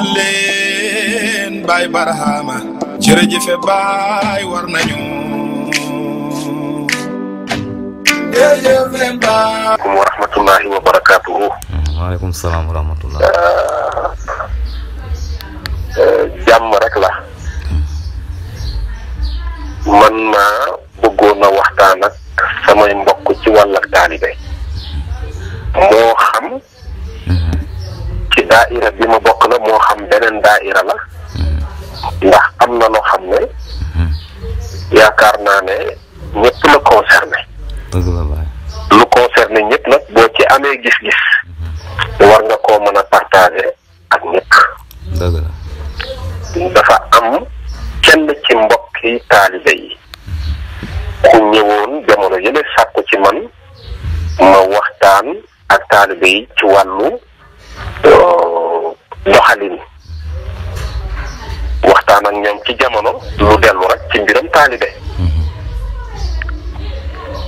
leen baay barahama jërëjëfe baay war baay wa rahmatullahi wa barakaatuhu waaleykum salaam wa rahmatullah euh, euh, jàmm rek la man maa bëggoon a waxtaan ak samay mbokk ci wàll ci daaira bi mu bokk la moo xam beneen daaira la ndax am na loo xam ne yaakaar naa ne ñépp la concerné lu concerné ñëpp nag boo ci amee gis-gis war nga koo mën a partagé ak ñëpp dafa am kenn ci mbokki taalibe yi ku ñëwoon jamono yenn sàkku ci man ma waxtaan ak taalibe yi ci wàllu doxalin waxtaan ak ñoom ci jamono lu dellu rek ci mbiram taalibe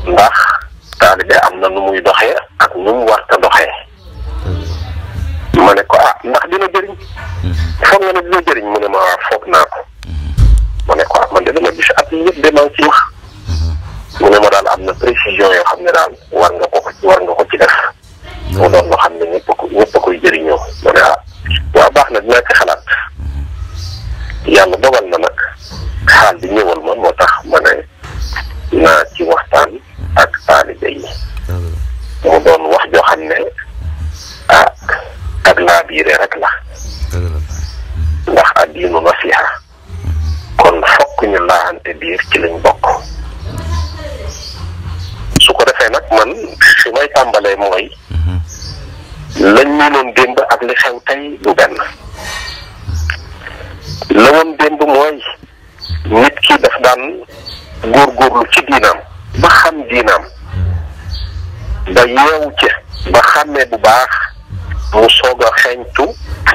ndax taalibe am na nu muy doxee ak nu mu warta doxee ma ne ko ah ndax dina jëriñ foog nga ne dina jëriñ mu ne ma ah, foog naa ko ma ne ko ah man de dama gis at yii yëpp de maa mu ne ma daal am na précision yoo xam ne daal war nga ko war nga ko ci def mu doon loo xam ne ñëpp a ko ñëpp a koy jëriñoo mu ne ah waaw baax na dinaa ci xalaat yàlla dogal na nag xaal bi ñëwal ma moo tax ma ne naa ci waxtaan ak taalibe yi mu doon wax joo xam ne ah ak laa biire rek la benn la woon démb mooy nit ki daf daan góorgóorlu ci diinaam ba xam diinaam ba yeewu ci ba xàmmee bu baax mu soog a xeeñtu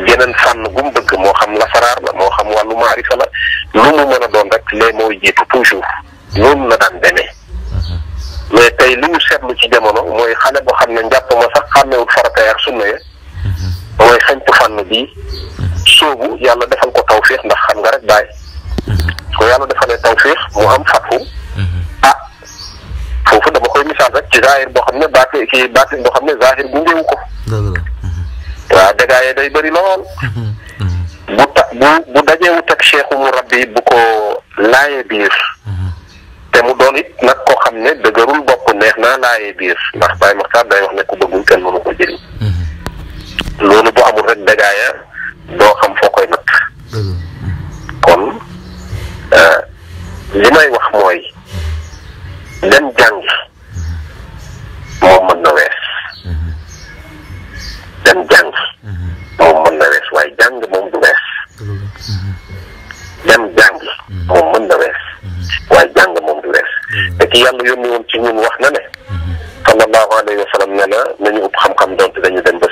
yeneen fànn gu mu moo xam lasaraar la moo xam wàllu maarifa la lu mu mën a doon rek lee mooy jiitu toujours la daan demee mais tey li seetlu ci jamono mooy xale boo xam ne njàpp ma sax xàmmeewul farata ak sunna bii sóobu yàlla defal ko tawféex ndax xam nga rek baay mm-hmm. ko yàlla defalee tawféex mu am fatfu mm-hmm. ah foofu dama koy misaal rek ci zahir boo xam ne baati ci baati boo xam ne zahir bu ngeewu ko mm-hmm. waaw dégâts yi day bëri lool bu ta bu bu dajewut ak cheikhu mu rabbi bu ko laaye biir te mu doon it nag koo xam ne dëgërul bopp neex naa laaye biir ndax Baye Makhtar day wax ne ku bëggul kenn mënu ko jëriñ loolu bu amul rek dagaaya doo xam foo koy natt kon euh, li may wax mooy dem jàngi moom mën na wees dem jàng moom mën na wees waaye jàng moom du wees dem jàng moom mën na wees waaye jàng moom du wees te ki yàlla yónni woon ci ñun wax na ne sallallahu alayhi wa sallam ne na nañu ut xam-xam donte dañu dem ba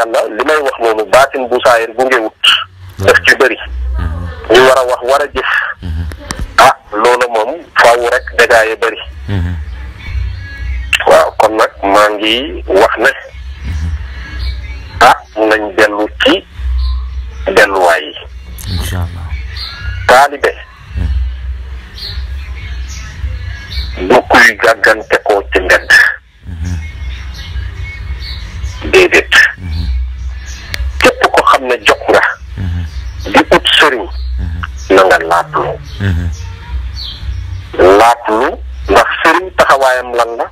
lima li may wax loolu baatin bu saayir bu ngewut daf ci ñu a wax war a mhm. ah loola moom faaw rek dégaaye bëri mhm. waaw kon nag maa ngi wax mhm. ah nañ dellu ci delluwaay yi taalibe du kuy gàggante koo ci nga laatlu mhm. laatlu ndax sëriñ taxawaayam lan la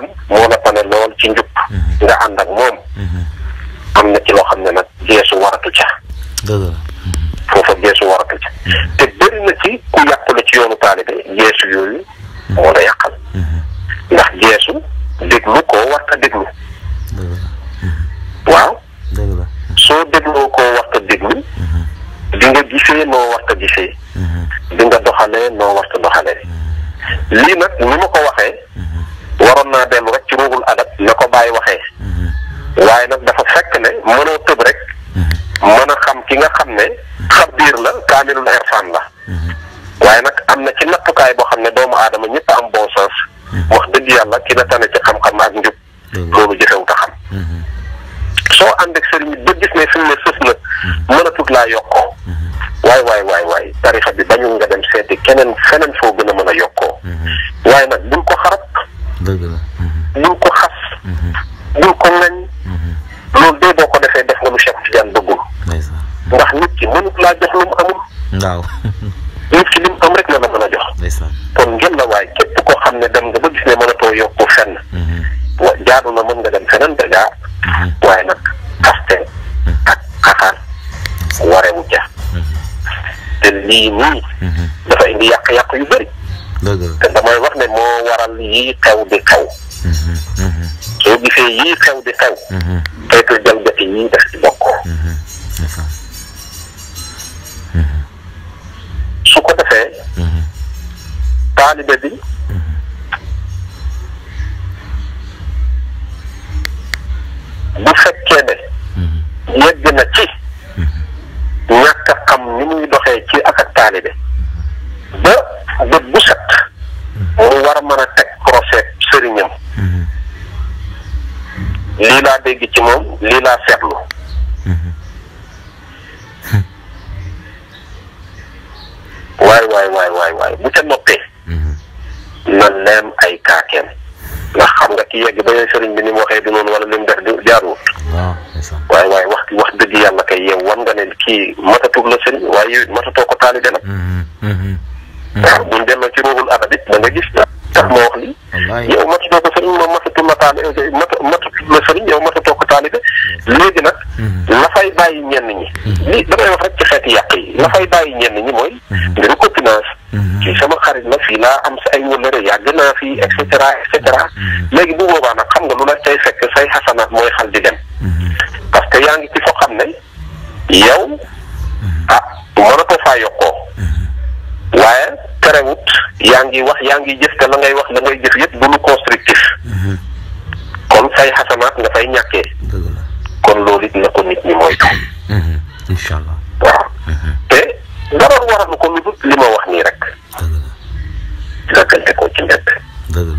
xam mu wala lool ci njub mhm. nga ànd ak moom mhm. am na ci loo xam ne nag waratu ca laa yokkoo waay waay waay waay tarixa bi bañul nga dem seeti keneen feneen foo gën a mën a yokkoo mhm. waaye nag bul ko xarab mhm. bul ko xas mhm. bul ko ngañ loolu dee boo ko defee def nga lu Cheikh Tidiane bëggul ndax nit ki mënut laa jox lu mu amul bii nii. dafa indi yàq-yàq yu bëri. te damay wax ne moo waral yii xew di xew. Mhm. Mhm. soo gisee yii xew di xew. Mhm. responsabilité la. Mm-hmm. Mm-hmm. waaw buñ demee ci ruuxul adab it da nga gis tax ma wax lii. yow matutoo ko sëriñ ma matatu ma taal matu matatu ma sëriñ yow matatoo ko taalibe léegi nag. Mm-hmm. la fay bàyyi ñenn ñi. li damay wax rek ci xeeti yàq yi la fay bàyyi ñenn ñi mooy. mbiru copinage. ci sama xarit la fii laa am sa ay wëllëre yàgg naa fii et cetera et cetera. léegi bu boobaa nag xam nga lu la tey fekk say xasanaat mooy xal di dem. parce yaa ngi ci foo xam ne yow. warata fa yokko waaye terewut yaa ngi wax yaa ngi jëf te la ngay wax la ngay jëf yëpp du lu constructif kon say xasanaat nga fay ñàkkee kon loolu it ko nit ñi moytu mhm. inshallah mhm. te dara waral ko lu li ma wax nii rek rakkante ko ci mbedd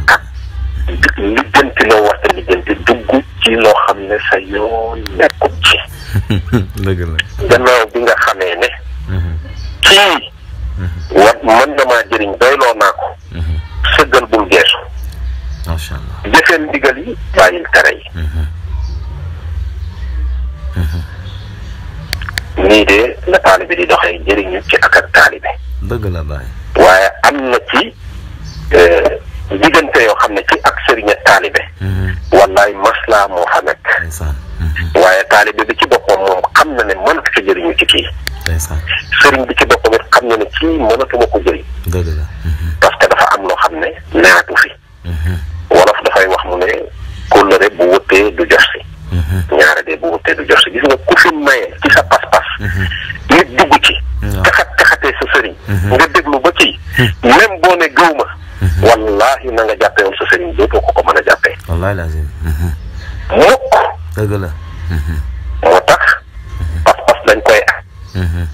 ak ah. lijjanti loo war te lijjanti dugg ci loo xam ne sa yoon nekkut ci gannaaw bi nga xamee jëfeel ndigal yi bàyyil tere yi nii de la taalibe di doxee njëriñu ci ak ak taalibe dëgg la bàyyi waaye am na ci diggante yoo xam ne ci ak sëriñ ak taalibe wallaay maslaa moo fa nekk waaye taalibe bi ci boppam moom xam na ne mënatu ci jëriñu ci kii sëriñ bi ci boppam it xam na ne kii mënatuma ko jëriñ parce que dafa am loo xam ne naatu fi wolof dafay wax mu ne kóllëre bu wëttee du jox si mhm. ñaare de bu wëttee du jox si gis nga ku fi maye ci sa pas-pas mhm. nit dugg ci taxat taxatee sa sëriñ mhm. nga déglu ba ci même boo ne gëw ma wallaahi na nga jàppee woon sa sëriñ dootoo ko ko mën a jàppee wallaahi lazim mukk dëgg la moo tax pas-pas dañ koy am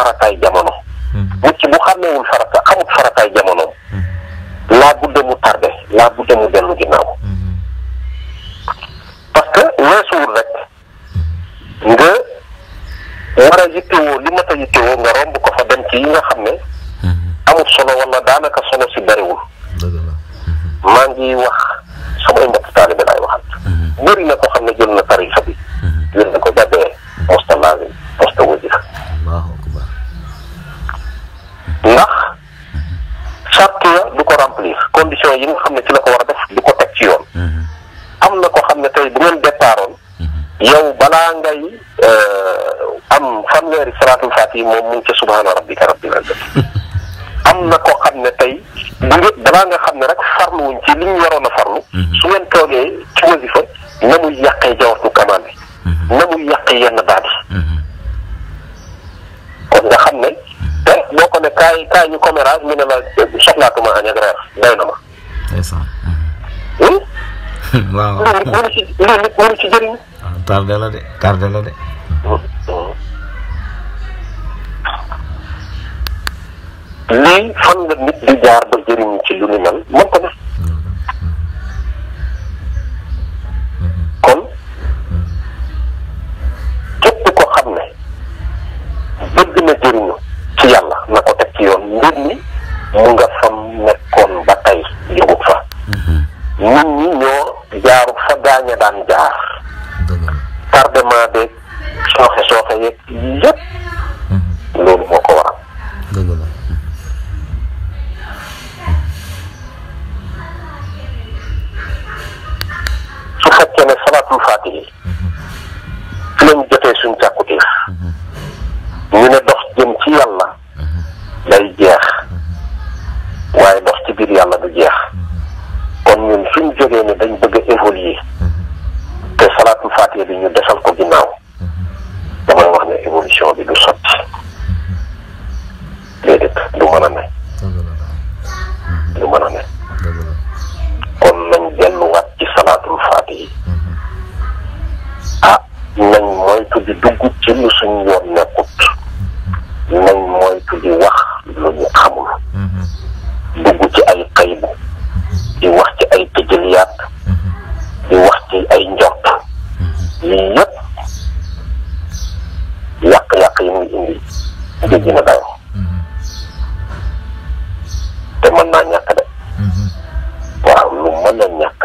farataay jamono. Hmm. nit ki bu xàmmeewul farata xamut farataay jamonoom. Hmm. laa budde mu tardé laa budde mu dellu ginnaaw. Hmm. parce que weesuwul rek nga war a yittewoo li mat a yittewoo nga romb ko fa dem ci yi nga xam ne. amul solo wala daanaka solo si bariwul. maa ngi wax samay mbokk taalibe laay waxal. bëri na ko xam ne jël na tarif salaat yi moom mu ngi ca subhaana rabbika rabbil izzati am na koo xam ne tey bu nga balaa nga xam ne rek farlu wuñ ci li ñu waroon a farlu mhm. su ngeen toogee ci wasifa na muy yàqee jawartu kamaan bi mhm. na muy yàqee yenn baat mhm. kon nga xam ne te boo ko ne kaay kaay ñu commérage mu ne la soxlaatuma añ ak reer na ma hmm? waaw loolu mënu ci loolu mënu ci jëriñ ah, tardé la de tardé la de hmm, hmm. lii fan nga nit di jaar ba jëriñ ci lu ni mel mën ko def kon képp ko xam ne bëgg na jëriñu ci yàlla na ko teg ci yoon mbir mi mu nga fam nekkoon ba tey jógut fa nit ñi ñoo jaaru fa gaaña daan jaar tardement beeg sooxe sooxe yépp loolu moo ko waral كان الصلاة فاته te mën naa ñàkk de mhm. waaw lu mën a ñàkk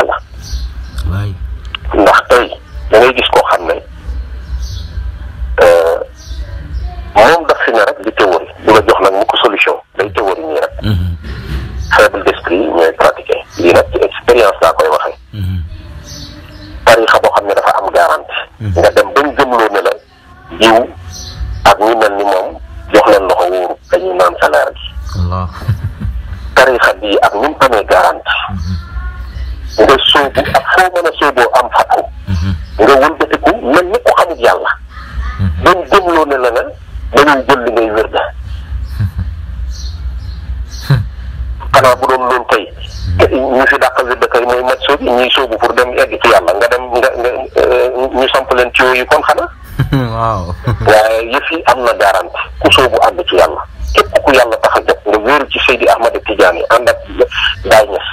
waaw waaye yëf yi am na garanti ku soobu ànd ci yàlla képp ku yàlla tax a jot nga wéeru ci Seydi Ahmad Tidiane ànd ak Baay Ñas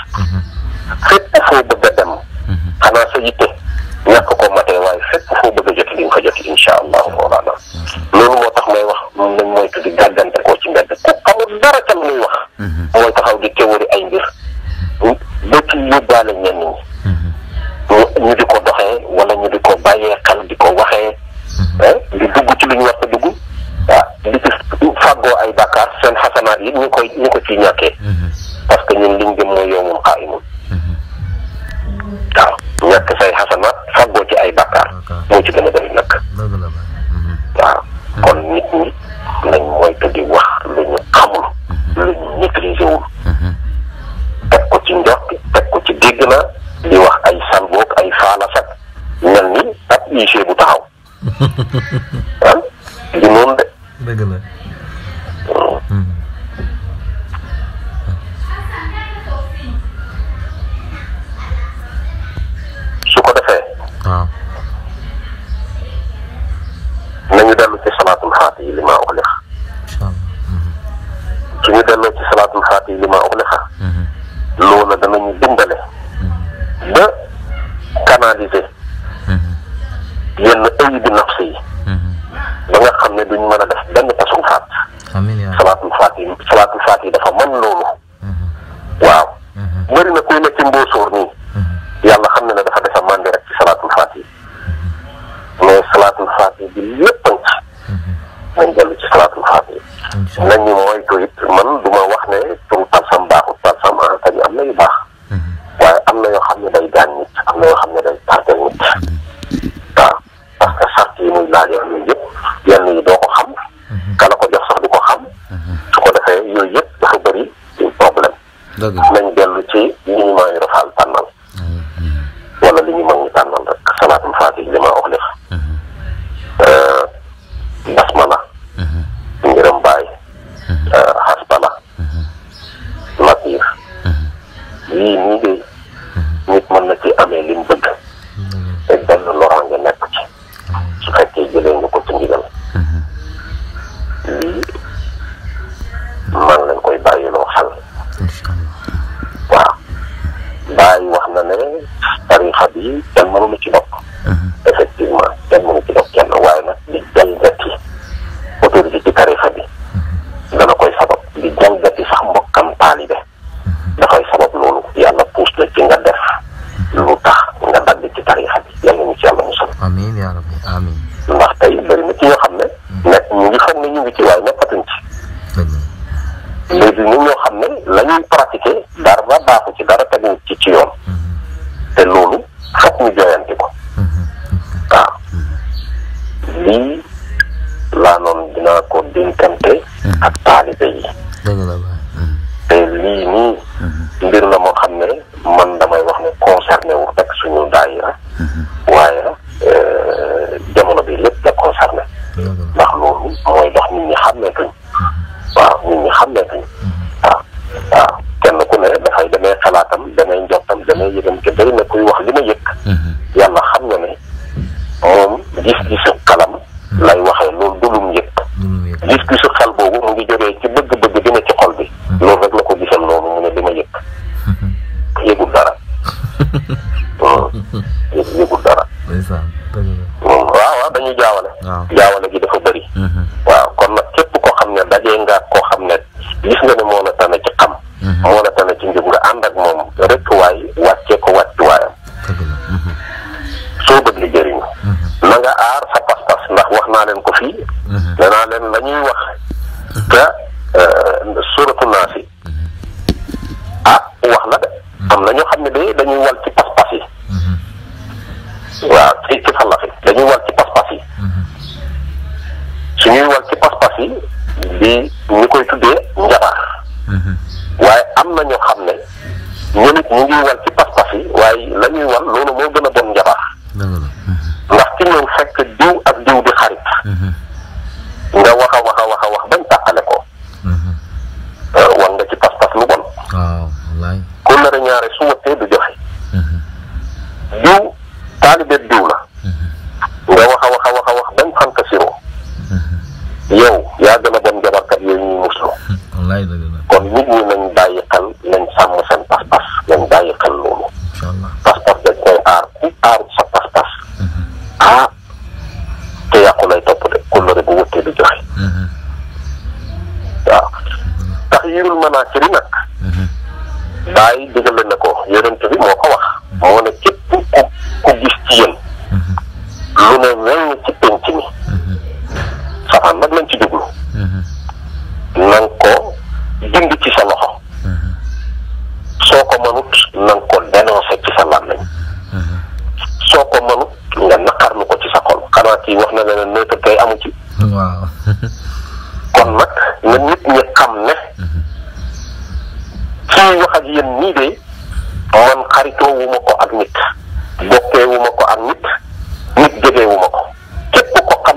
bàyyiloo xel waaw bàyyi wax na ne tarixa bi kenn mënu ci leen ko fii. danaa leen la ñuy wax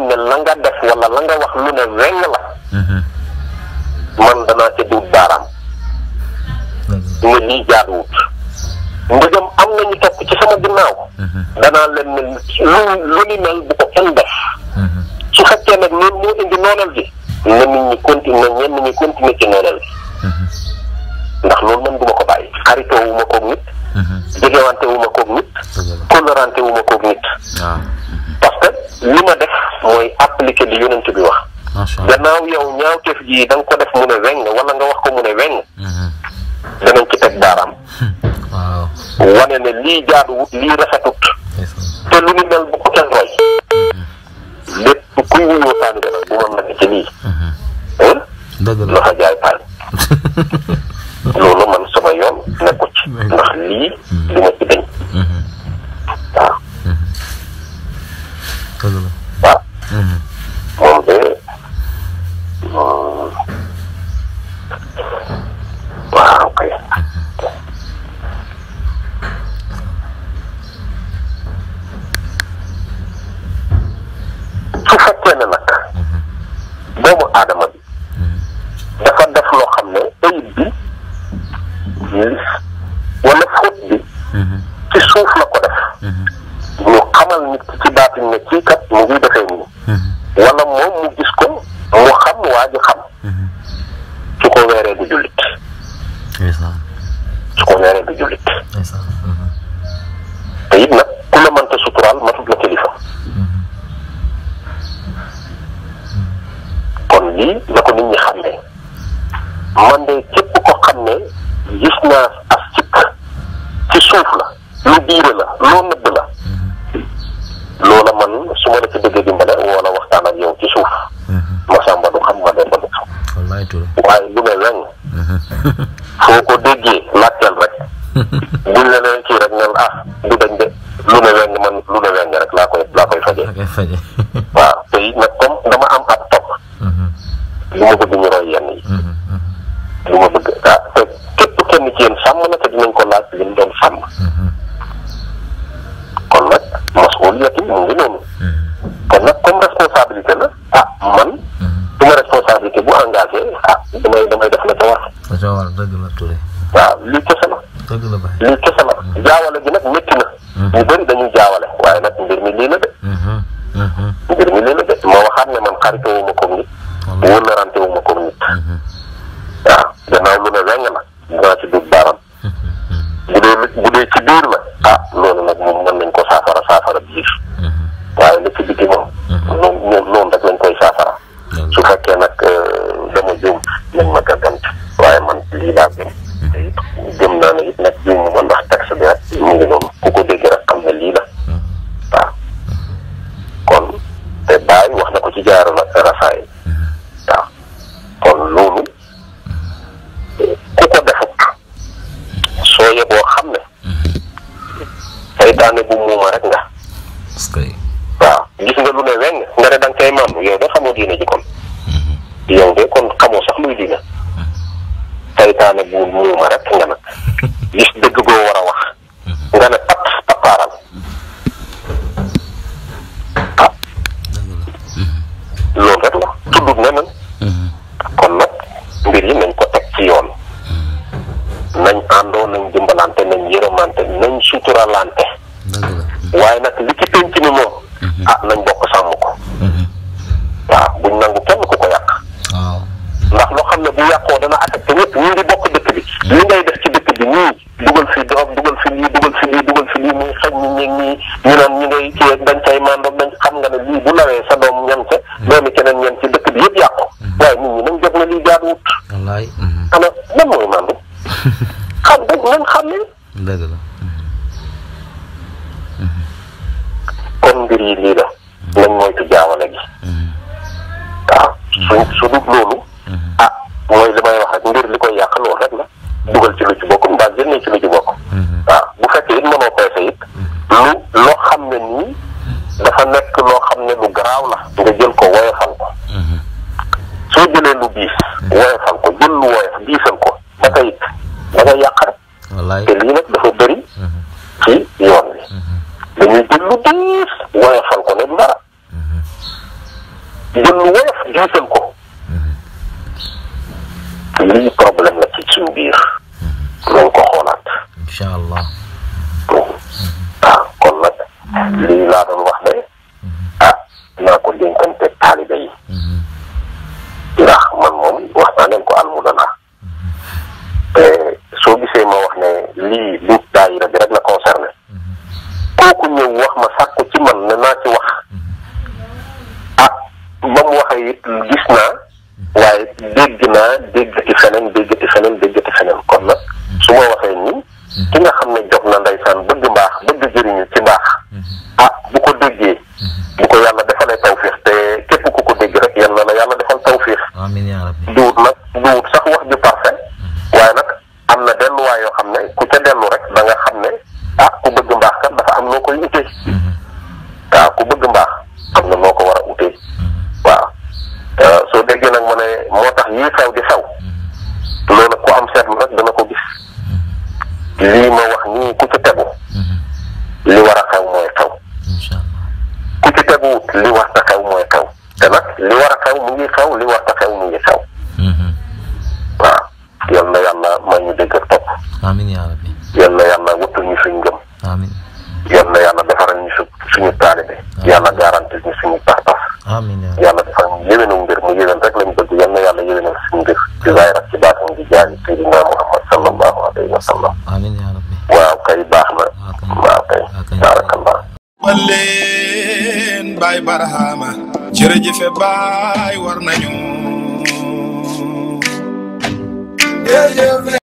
xam ne la nga def wala la wax lu ne weng la mhm. man danaa ca duut baaraam mhm. ne lii jaaduwut ndegam am nañu topp ci sama ginnaaw mhm. danaa leen ne lu lu ni mel bu ko kenn def su fekkee nag ñoom moo indi noonal bi na nit ñi continuer ñenn ñi continuer ci noonal bi ndax loolu man duma ko bàyyi xaritoo wu ma nit jegewante wu ma koog nit. kóllërante wu ma koog nit. Ah. parce que li ma def mooy appliquer li yonent bi wax. macha gannaaw yow ñaawteef ji da danga ko def mu ne weng wala nga wax ko mu ne weng. Mhm. danañ ci teg baaraam. waaw wane ne lii jaaduwut lii rafetut. te lu ni mel bu kenn roy. Mhm. lépp kuy wuyoo taalibe nag bu ci lii. Mhm. dëgg la loxo jaay paal. man de képp ko xam ne gis naa as sikk ci suuf la lu biire la loo nëbb la loola man suma ma la ci bëggee dimbale woo la waxtaan ak yow ci suuf mm-hmm. ma sàmba du xam ma ne ma ne waaye lu ne weng mm-hmm. foo ko déggee tey ah damay damay def la ca war. la a war dëgg la Touré. waaw lii kese la. dëgg la Baye lii kese la. Mm-hmm. jaawale gi nag métti na. Mm-hmm. ñu bëri dañuy jaawale waaye nag mbir mi lii la de. Mm-hmm. mi lii la de moo waxaat ne man xaritewuma ko nit. wóor na rantewuma santaane bu muuma rek nga. waaw gis nga lu ne weng nga ne da nga koy maam yow de xamoo diine ji kon. Mhm. yow de kon xamoo sax luy diina. Mhm. saytaane bu muuma rek nga nag. gis dëgg goo war a wax. ya yàqu. Mhm. waaye nit ñi nañ def na lii jaaduwut. wallaay. Mhm. ana lan mooy maam bi. xam dëgg nañ xam ne. dëgg la. شاء الله Yes, by.